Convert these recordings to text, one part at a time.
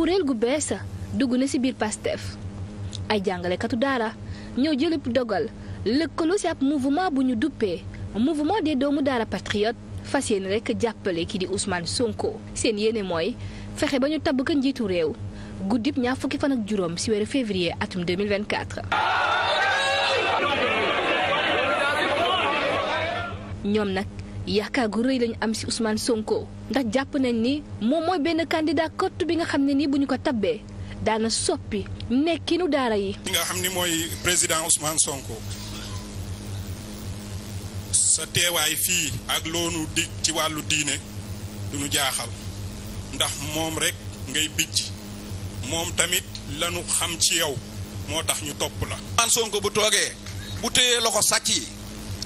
kuréel gu beesa dugg na ci biir Pastef ay jàngalekatu daara ñëw jëlib dogal lëkkaloo ci ab mouvement bu ñu duppee mouvement des doomu daara patriote fas yéen rek jàppale ki di Ousmane Sonko seen yéene mooy fexe ba ñu tabb ka njiitu réew guddib ñaar fukki fan ak juróom ci weeru février atum 2024. ñoom nag. yaakaar gu rëy lañu am ci Ousmane Sonko ndax jàpp nañ ni moom mooy benn candidat kott bi nga xam ne nii bu ñu ko tabbee daana soppi nekkinu daara yi. li nga xam ni mooy président Ousmane Sonko sa teewaay fii ak loonu di ci wàllu diine du ñu jaaxal ndax moom rek ngay bijj moom tamit lañu xam ci yow moo tax ñu topp la. Ousmane Sonko bu toogee bu téyee loxo sàcc yi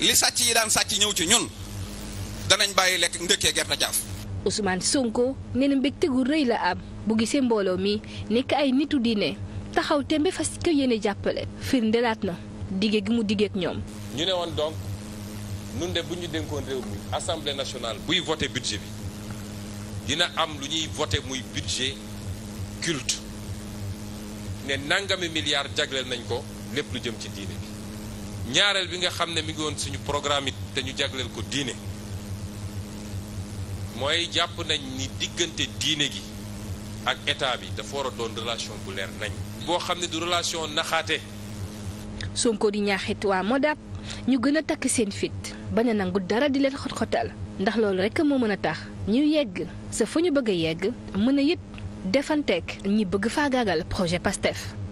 li sàcc yi daan sàcc ñëw ci ñun. danañ bàyyi lekk ndëkkee gerte caaf. Ousmane Sonko nee na mbégte gu rëy la am bu gisee mbooloo mi nekk ay nitu diine taxaw te tembe fas ko yéene jàppale ndelaat na dige gi mu digeeg ñoom. ñu ne woon donc nun de bu ñu dénkoon réew mi assemblée nationale buy voté budget bi dina am lu ñuy voté muy budget culte ne nangami milliards jagleel nañ ko lépp lu jëm ci diine bi ñaareel bi nga xam ne mi ngi woon suñu programme it te ñu jagleel ko diine. mooy jàpp nañ ni diggante diine gi ak état bi dafa war a doon relation bu leer nañ. boo xam ne du relation naxaate. Sonko di ñaaxit waa Modap ñu gën a takk seen fit bañ a nangu dara di leen xot-xotal ndax loolu rek moo mën a tax ñu yegg sa fu ñu bëgg a yegg mën a it defanteeg ñi bëgg faagaagal projet PASTEF.